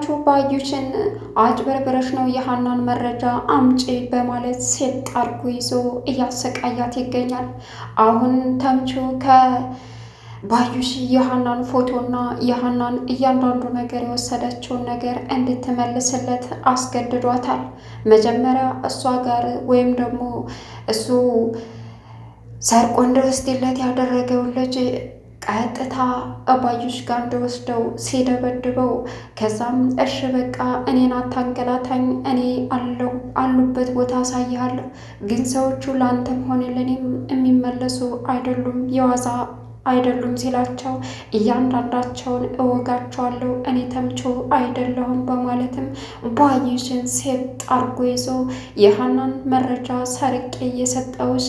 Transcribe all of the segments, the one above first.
ብላችሁ ባዩሽን አጭበርብረሽ ነው የሀናን መረጃ አምጪ በማለት ሴት ጣርጎ ይዞ እያሰቃያት ይገኛል። አሁን ተምቹ ከባዩሽ የሀናን ፎቶና የሀናን እያንዳንዱ ነገር የወሰደችውን ነገር እንድትመልስለት አስገድዷታል። መጀመሪያ እሷ ጋር ወይም ደግሞ እሱ ሰርቆ እንደ ያደረገውን ልጅ ቀጥታ አባዮች ጋር እንደወስደው ሲደበድበው፣ ከዛም እሽ በቃ እኔን አታንገላታኝ፣ እኔ አለው አሉበት ቦታ አሳይሃለሁ። ግን ሰዎቹ ለአንተም ሆነ ለእኔም የሚመለሱ አይደሉም የዋዛ አይደሉም ሲላቸው እያንዳንዳቸውን እወጋቸዋለሁ እኔ ተምቹ አይደለሁም በማለትም ባዩሽን ሴብ ጣርጎ ይዞ የሀናን መረጃ ሰርቄ እየሰጠውሽ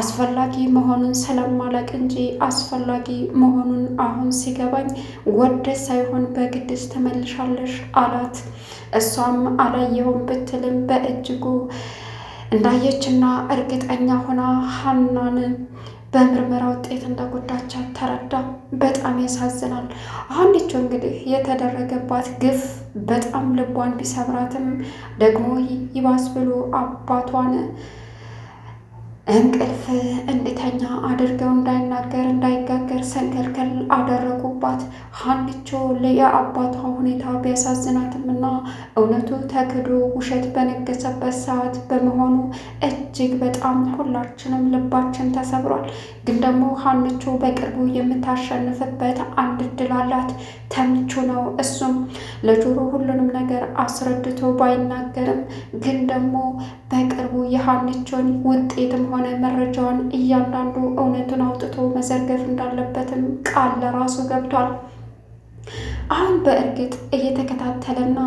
አስፈላጊ መሆኑን ስለማላቅ እንጂ አስፈላጊ መሆኑን አሁን ሲገባኝ ወደ ሳይሆን በግድስ ትመልሻለሽ አላት። እሷም አላየሁም ብትልም በእጅጉ እንዳየችና እርግጠኛ ሆና ሀናን በምርመራ ውጤት እንደጎዳቻት ተረዳ። በጣም ያሳዝናል። ሀኒቾ እንግዲህ የተደረገባት ግፍ በጣም ልቧን ቢሰብራትም ደግሞ ይባስ ብሎ አባቷን እንቅልፍ እንዴተኛ አድርገው እንዳይናገር እንዳይጋገር ሰንከልከል አደረጉባት። ሀንቾ የአባቷ ሁኔታ ቢያሳዝናትም እና እውነቱ ተክዶ ውሸት በነገሰበት ሰዓት በመሆኑ እጅግ በጣም ሁላችንም ልባችን ተሰብሯል። ግን ደግሞ ሀንቾ በቅርቡ የምታሸንፍበት አንድ እድል አላት። ተምቹ ነው። እሱም ለጆሮ ሁሉንም ነገር አስረድቶ ባይናገርም ግን ደግሞ በቅርቡ የሀንቾን ውጤትም ሆነ መረጃዋን እያንዳንዱ እውነቱን አውጥቶ መዘርገፍ እንዳለበትም ቃል ለራሱ ገብቷል። አሁን በእርግጥ እየተከታተለና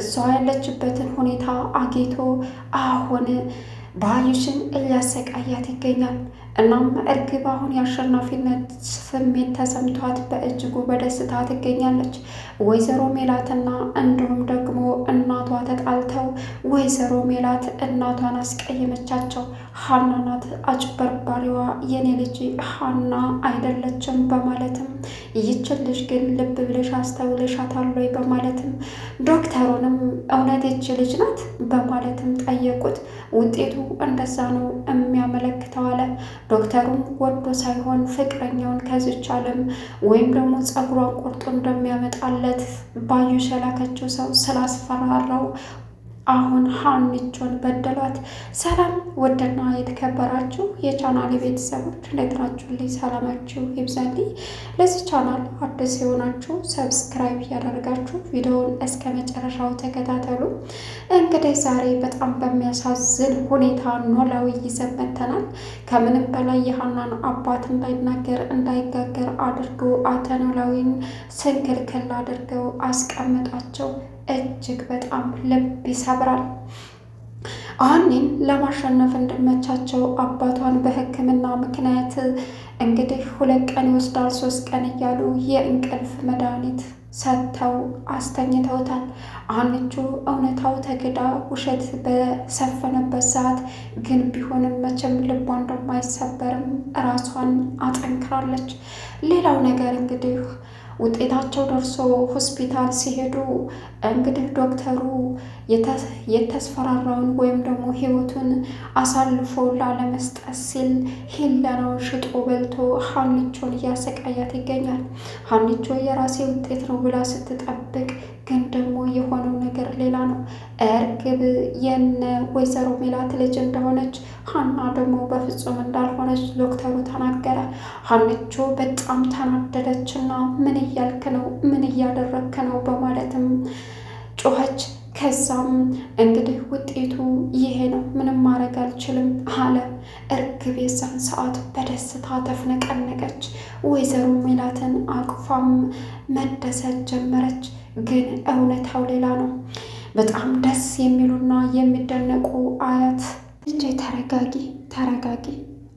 እሷ ያለችበትን ሁኔታ አጌቶ አሁን ባዩሽን እያሰቃያት ይገኛል። እናም እርግብ አሁን የአሸናፊነት ስሜት ተሰምቷት በእጅጉ በደስታ ትገኛለች። ወይዘሮ ሜላትና እንዲሁም ደግሞ እናቷ ተጣልተው ወይዘሮ ሜላት እናቷን አስቀይመቻቸው ሀና ናት አጭበርባሪዋ፣ የኔ ልጅ ሀና አይደለችም በማለትም ይችልሽ ግን ልብ ብለሽ አስተውለሻታል ወይ በማለትም ዶክተሩንም እውነት ይች ልጅ ናት በማለትም ጠየቁት። ውጤቱ እንደዛ ነው የሚያመለክተው አለ። ዶክተሩም ወዶ ሳይሆን ፍቅረኛውን ከዚች ዓለም ወይም ደግሞ ጸጉሯን ቆርጦ እንደሚያመጣለት ባዩሽ የላከችው ሰው ስላስፈራራው አሁን ሀኒቾን በደሏት። ሰላም ውድና የተከበራችሁ የቻናል ቤተሰቦች እንዴት ናችሁልኝ? ሰላማችሁ ይብዛልኝ። ለዚህ ቻናል አዲስ የሆናችሁ ሰብስክራይብ እያደረጋችሁ ቪዲዮውን እስከ መጨረሻው ተከታተሉ። እንግዲህ ዛሬ በጣም በሚያሳዝን ሁኔታ ኖላዊ ይዘን መጥተናል። ከምንም በላይ የሀናን አባት እንዳይናገር እንዳይጋገር አድርገው አቶ ኖላዊን ስንክልክል አድርገው አስቀምጧቸው እጅግ በጣም ልብ ይሰብራል። አኒን ለማሸነፍ እንድመቻቸው አባቷን በሕክምና ምክንያት እንግዲህ ሁለት ቀን ይወስዳል ሶስት ቀን እያሉ የእንቅልፍ መድኃኒት ሰጥተው አስተኝተውታል። አንቹ እውነታው ተግዳ ውሸት በሰፈነበት ሰዓት ግን ቢሆንም መቼም ልቧ እንደማይሰበርም ራሷን አጠንክራለች። ሌላው ነገር እንግዲህ ውጤታቸው ደርሶ ሆስፒታል ሲሄዱ እንግዲህ ዶክተሩ የተስፈራራውን ወይም ደግሞ ህይወቱን አሳልፎ ላለመስጠት ሲል ሂለናውን ሽጦ በልቶ ሀኒቾን እያሰቃያት ይገኛል። ሀኒቾ የራሴ ውጤት ነው ብላ ስትጠብቅ ግን ደግሞ የሆነው ነገር ሌላ ነው። እርግብ የነ ወይዘሮ ሜላት ልጅ እንደሆነች ሀና ደግሞ በፍጹም እንዳልሆነች ዶክተሩ ተናገረ። ሀንቾ በጣም ተናደደች እና ምን እያልክ ነው? ምን እያደረግክ ነው? በማለትም ጮኸች። ከዛም እንግዲህ ውጤቱ ይሄ ነው፣ ምንም ማድረግ አልችልም አለ እርግብ። የዛን ሰዓት በደስታ ተፍነቀነቀች። ወይዘሮ ሜላትን አቅፋም መደሰት ጀመረች። ግን እውነታው ሌላ ነው። በጣም ደስ የሚሉና የሚደነቁ አያት ልጄ ተረጋጊ ተረጋጊ።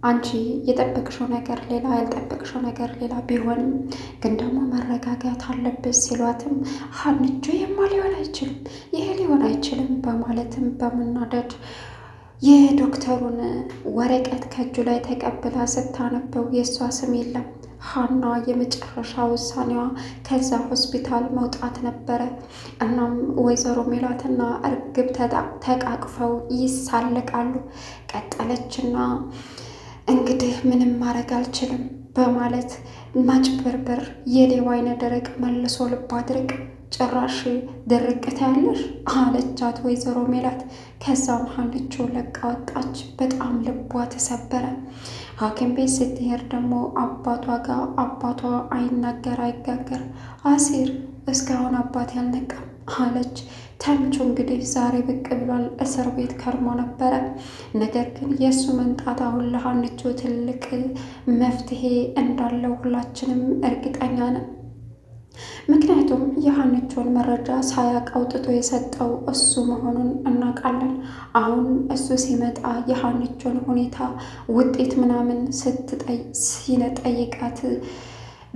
አንቺ የጠበቅሽው ነገር ሌላ፣ ያልጠበቅሽው ነገር ሌላ ቢሆንም ግን ደግሞ መረጋጋት አለብሽ ሲሏትም ሀንቾ የማ ሊሆን አይችልም፣ ይሄ ሊሆን አይችልም በማለትም በመናደድ የዶክተሩን ወረቀት ከእጁ ላይ ተቀብላ ስታነበው የእሷ ስም የለም። ሀና የመጨረሻ ውሳኔዋ ከዛ ሆስፒታል መውጣት ነበረ። እናም ወይዘሮ ሜላትና እርግብ ተቃቅፈው ይሳለቃሉ። ቀጠለችና እንግዲህ ምንም ማድረግ አልችልም በማለት ማጭበርበር የሌባ አይነ ደረቅ መልሶ ልባ ድርቅ ጭራሽ ድርቅት ያለሽ አለቻት ወይዘሮ ሜላት። ከዛ መሀልችውን ለቃ ወጣች። በጣም ልቧ ተሰበረ። ሐኪም ቤት ስትሄድ ደግሞ አባቷ ጋር አባቷ አይናገር አይጋገር አሲር እስካሁን አባት ያልነቃም አለች። ተምቹ እንግዲህ ዛሬ ብቅ ብሏል። እስር ቤት ከርሞ ነበረ። ነገር ግን የእሱ መምጣት አሁን ለሀንቾ ትልቅ መፍትሄ እንዳለው ሁላችንም እርግጠኛ ነን። ምክንያቱም የሀንቾን መረጃ ሳያቅ አውጥቶ የሰጠው እሱ መሆኑን እናውቃለን። አሁን እሱ ሲመጣ የሀንቾን ሁኔታ ውጤት ምናምን ስትጠይቃት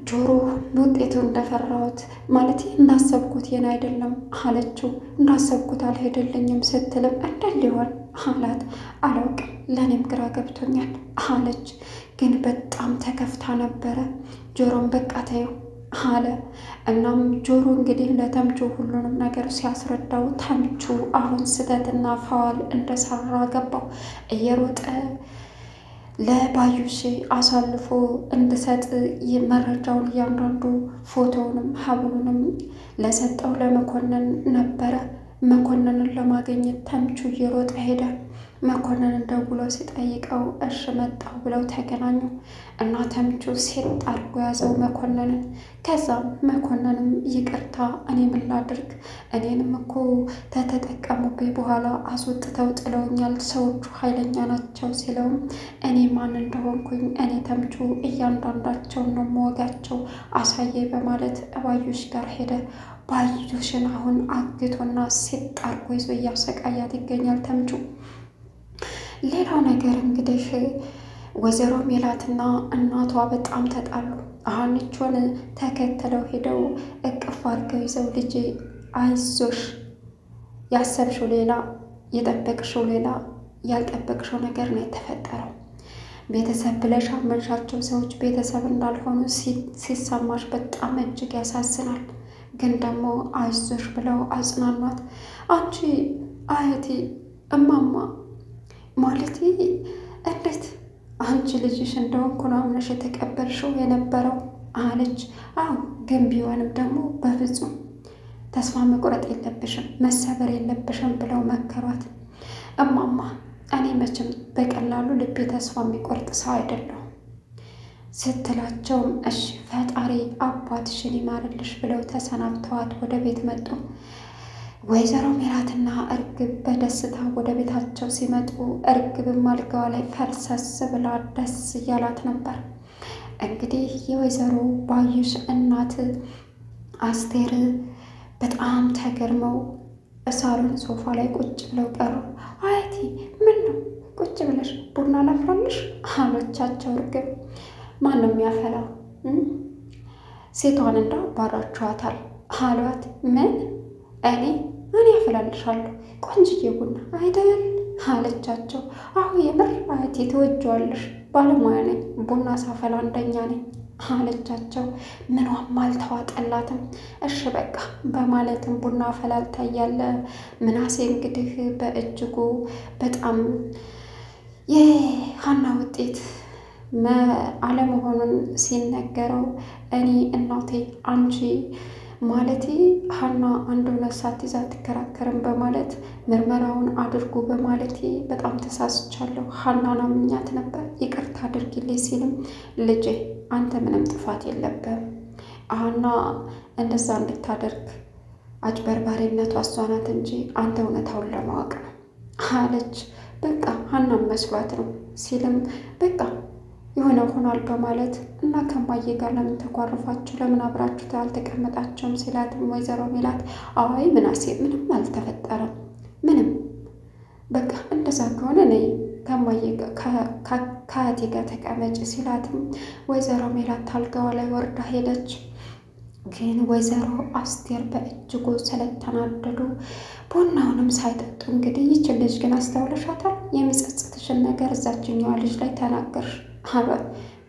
ጆሮ ውጤቱ እንደፈራሁት ማለት እንዳሰብኩት ይህን አይደለም አለችው። እንዳሰብኩት አልሄደልኝም ስትልም እንደት ሊሆን አላት። አላውቅም ለእኔም ግራ ገብቶኛል አለች። ግን በጣም ተከፍታ ነበረ። ጆሮም በቃ ተይው አለ። እናም ጆሮ እንግዲህ ለተምቹ ሁሉንም ነገር ሲያስረዳው ተምቹ አሁን ስህተትና ፋዋል እንደሰራ ገባው። እየሮጠ ለባዩሽ አሳልፎ እንድሰጥ መረጃውን እያንዳንዱ ፎቶውንም ሀብሉንም ለሰጠው ለመኮንን ነበረ። መኮንንን ለማግኘት ተምቹ እየሮጠ ሄዳል። መኮንንን ደውሎ ሲጠይቀው እሽ መጣሁ ብለው ተገናኙ እና ተምቹ ሴት አድርጎ ያዘው መኮንንን። ከዛም መኮንንም ይቅርታ እኔ ምን ላድርግ? እኔንም እኮ ተተጠቀሙብኝ በኋላ አስወጥተው ጥለውኛል፣ ሰዎቹ ኃይለኛ ናቸው ሲለውም እኔ ማን እንደሆንኩኝ እኔ ተምቹ እያንዳንዳቸውን ነው መወጋቸው አሳየ በማለት እባዮች ጋር ሄደ። ባዩሽን አሁን አግቶና ሴት አድርጎ ይዞ እያሰቃያት ይገኛል ተምቹ። ሌላው ነገር እንግዲህ ወይዘሮ ሜላትና እናቷ በጣም ተጣሉ። አሁንቾን ተከትለው ሄደው እቅፍ አድርገው ይዘው ልጅ አይዞሽ፣ ያሰብሽው ሌላ የጠበቅሽው ሌላ ያልጠበቅሽው ነገር ነው የተፈጠረው። ቤተሰብ ብለሽ አመንሻቸው ሰዎች ቤተሰብ እንዳልሆኑ ሲሰማሽ በጣም እጅግ ያሳዝናል። ግን ደግሞ አይዞሽ ብለው አጽናኗት። አንቺ አያቴ እማማ ማለት እንዴት አንቺ ልጅሽ እንደሆንኩ ነው አምነሽ የተቀበልሽው የነበረው አለች። አዎ ግን ቢሆንም ደግሞ በፍጹም ተስፋ መቁረጥ የለብሽም መሰበር የለብሽም ብለው መከሯት። እማማ እኔ መቼም በቀላሉ ልቤ ተስፋ የሚቆርጥ ሰው አይደለሁም ስትላቸውም እሺ ፈጣሪ አባትሽን ይማርልሽ ብለው ተሰናብተዋት ወደ ቤት መጡ። ወይዘሮ ሜላትና እርግብ በደስታ ወደ ቤታቸው ሲመጡ እርግብም አልጋዋ ላይ ፈርሰስ ብላ ደስ እያላት ነበር። እንግዲህ የወይዘሮ ባዩሽ እናት አስቴር በጣም ተገርመው እሳሩን ሶፋ ላይ ቁጭ ብለው ቀሩ። አያቴ ምን ነው ቁጭ ብለሽ ቡና ላፍራልሽ? አሎቻቸው። እርግብ ማን ነው የሚያፈላው? ሴቷን እንዳ ባሯችኋታል አሏት። ምን እኔ እኔ አፈላልሻለሁ ቆንጅዬ ቡና አይደል አለቻቸው። አሁ የምር አያቴ ትወጀዋለሽ ባለሙያ ነኝ፣ ቡና ሳፈላ አንደኛ ነኝ አለቻቸው። ምኗም አልተዋጠላትም። እሽ በቃ በማለትም ቡና አፈላልታ እያለ ምናሴ እንግዲህ በእጅጉ በጣም የሀና ውጤት አለመሆኑን ሲነገረው እኔ እናቴ አንቺ ማለቴ ሀና አንድ ሰዓት ይዛ አትከራከርም በማለት ምርመራውን አድርጉ በማለቴ በጣም ተሳስቻለሁ። ሀናን አምኛት ነበር፣ ይቅርታ አድርጊልኝ ሲልም ልጄ አንተ ምንም ጥፋት የለብህም ሀና እንደዛ እንድታደርግ አጭበርባሪነቱ እሷ ናት እንጂ አንተ እውነታውን ለማወቅ ነው አለች። በቃ ሀናን መስሏት ነው ሲልም በቃ የሆነ ሆኗል በማለት እና ከማዬ ጋር ለምን ተኳርፋችሁ ለምን አብራችሁ አልተቀመጣችሁም? ሲላት ወይዘሮ ሚላት አዋይ ምናሴ ምንም አልተፈጠረም፣ ምንም በቃ እንደዛ ከሆነ እኔ ከእህቴ ጋር ተቀመጭ ሲላትም ወይዘሮ ሚላት አልጋዋ ላይ ወርዳ ሄደች። ግን ወይዘሮ አስቴር በእጅጉ ስለተናደዱ ቡናውንም ሳይጠጡ እንግዲህ ይችን ልጅ ግን አስተውለሻታል? የሚጸጽትሽን ነገር እዛችኛዋ ልጅ ላይ ተናገርሽ አሏት።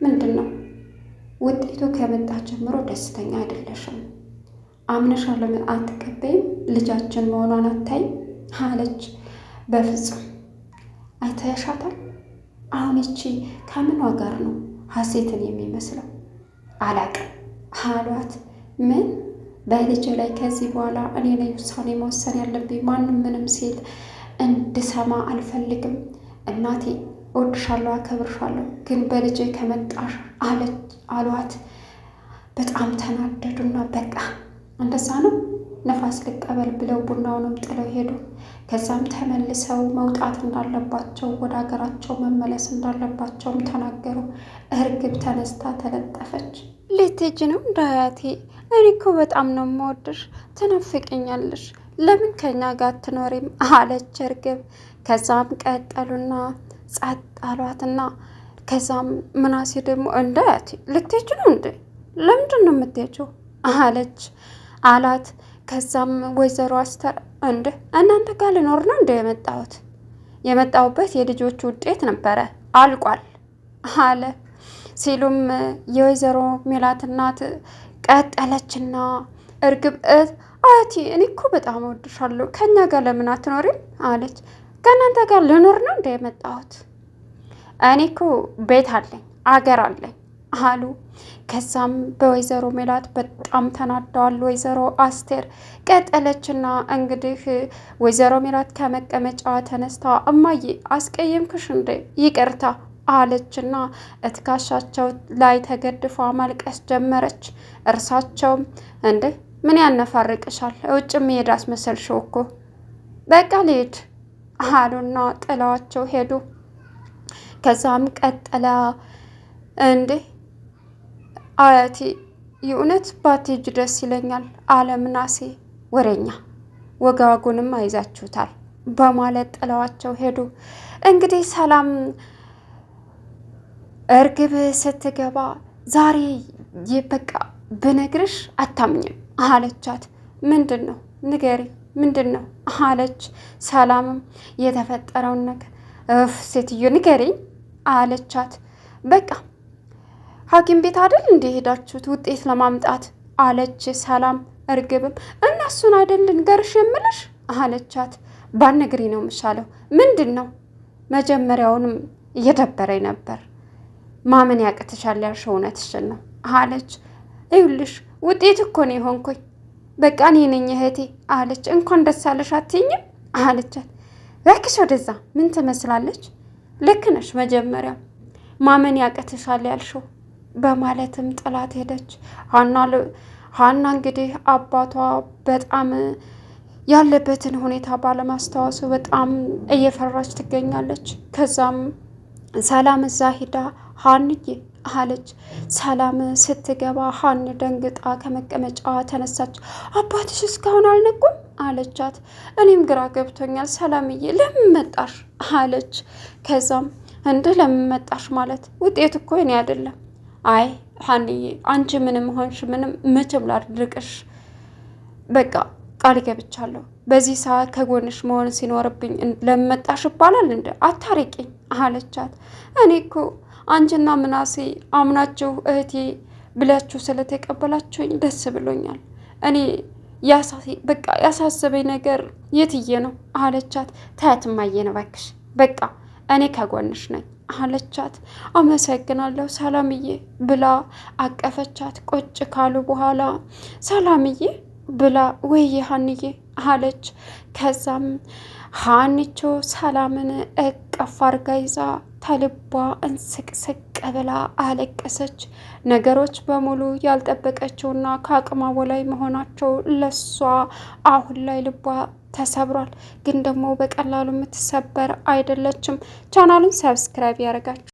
ምንድን ነው ውጤቱ ከመጣ ጀምሮ ደስተኛ አይደለሽም፣ አምነሻ ለምን አትቀበይም? ልጃችን መሆኗን አታይ አለች። በፍጹም አይተያሻታል። አሁን ይቺ ከምኗ ጋር ነው ሀሴትን የሚመስለው? አላቅም አሏት። ምን በልጅ ላይ ከዚህ በኋላ እኔ ነኝ ውሳኔ መወሰን ያለብኝ። ማንም ምንም ሴት እንድሰማ አልፈልግም እናቴ እወድሻለሁ፣ አከብርሻለሁ ግን በልጄ ከመጣሽ አለች አሏት። በጣም ተናደዱና በቃ እንደዛ ነው ነፋስ ልቀበል ብለው ቡናውንም ጥለው ሄዱ። ከዛም ተመልሰው መውጣት እንዳለባቸው ወደ ሀገራቸው መመለስ እንዳለባቸውም ተናገሩ። እርግብ ተነስታ ተለጠፈች። ልትሄጂ ነው እንዳያቴ? እኔ እኮ በጣም ነው የምወድሽ፣ ትናፍቅኛለሽ። ለምን ከኛ ጋር አትኖሪም? አለች እርግብ። ከዛም ቀጠሉና ጸጥ አሏትና ከዛም ምናሴ ደግሞ እንደ ልትሄጂ ነው እንዴ? ለምንድን ነው የምትሄጂው? አለች አላት። ከዛም ወይዘሮ አስተር እንደ እናንተ ጋር ልኖር ነው እንደ የመጣሁት የመጣሁበት የልጆቹ ውጤት ነበረ አልቋል አለ። ሲሉም የወይዘሮ ሜላት እናት ቀጠለችና እርግብ አያቴ እኔ እኮ በጣም እወድሻለሁ ከእኛ ጋር ለምን አትኖሪም? አለች ከእናንተ ጋር ልኖር ነው እንደ የመጣሁት እኔ እኮ ቤት አለኝ አገር አለኝ አሉ። ከዛም በወይዘሮ ሜላት በጣም ተናደዋል። ወይዘሮ አስቴር ቀጠለችና እንግዲህ ወይዘሮ ሜላት ከመቀመጫ ተነስታ እማዬ አስቀየምኩሽ እንዴ ይቅርታ አለችና እትካሻቸው ላይ ተገድፋ ማልቀስ ጀመረች። እርሳቸውም እንዴ ምን ያነፋርቅሻል? ውጭ መሄድ አስመሰልሽው እኮ በቃ ልሄድ አሉና ጥለዋቸው ሄዱ። ከዛም ቀጠለ እንዴ አያቴ የእውነት ባቴጅ ደስ ይለኛል አለ ምናሴ። ወሬኛ ወጋጉንም አይዛችሁታል በማለት ጥለዋቸው ሄዱ። እንግዲህ ሰላም እርግብ ስትገባ ዛሬ በቃ ብነግርሽ አታምኝም አለቻት። ምንድን ነው ንገሪ ምንድን ነው አለች። ሰላምም የተፈጠረውን ነገር እፍ ሴትዮ ንገሪኝ አለቻት። በቃ ሐኪም ቤት አይደል እንደ ሄዳችሁት ውጤት ለማምጣት አለች ሰላም። እርግብም እነሱን አይደል ልንገርሽ የምልሽ አለቻት። ባነግሪ ነው የምሻለው። ምንድን ነው መጀመሪያውንም እየደበረኝ ነበር። ማመን ያቅትሻል ያልሽ እውነትሽን ነው አለች። ይኸውልሽ ውጤት እኮ ነው የሆንኩኝ በቃ እኔ ነኝ እህቴ አለች። እንኳን ደስ ያለሽ አትይኝም አለቻት። እባክሽ ወደዛ ምን ትመስላለች? ልክ ነሽ፣ መጀመሪያም ማመን ያቀትሻል ያልሽው በማለትም ጥላት ሄደች። ሀና እንግዲህ አባቷ በጣም ያለበትን ሁኔታ ባለማስታወሱ በጣም እየፈራች ትገኛለች። ከዛም ሰላም እዛ ሂዳ ሀንዬ አለች። ሰላም ስትገባ ሀን ደንግጣ ከመቀመጫዋ ተነሳች። አባትሽ እስካሁን አልነቁም አለቻት። እኔም ግራ ገብቶኛል ሰላምዬ፣ ለምን መጣሽ አለች። ከዛም እንደ ለምን መጣሽ ማለት ውጤት እኮ እኔ አይደለም። አይ ሀንዬ፣ አንቺ ምንም ሆንሽ ምንም መቼም ላድርቅሽ በቃ ቃል ገብቻለሁ። በዚህ ሰዓት ከጎንሽ መሆን ሲኖርብኝ ለመጣሽ ይባላል እንደ አታሪቂኝ አለቻት። እኔ እኮ አንቺና ምናሴ አምናችሁ እህቴ ብላችሁ ስለተቀበላችሁኝ ደስ ብሎኛል። እኔ በቃ ያሳሰበኝ ነገር የትዬ ነው አለቻት። ታያት እማዬን እባክሽ በቃ እኔ ከጎንሽ ነኝ አለቻት። አመሰግናለሁ ሰላምዬ ብላ አቀፈቻት። ቁጭ ካሉ በኋላ ሰላምዬ ብላ ወይ ሀንዬ አለች። ከዛም ሀንቾ ሰላምን እቅፍ አርጋ ይዛ ተልቧ እንስቅስቅ ብላ አለቀሰች። ነገሮች በሙሉ ያልጠበቀችውና ከአቅማ በላይ መሆናቸው ለሷ አሁን ላይ ልቧ ተሰብሯል። ግን ደግሞ በቀላሉ የምትሰበር አይደለችም። ቻናሉን ሰብስክራይብ ያደርጋችሁ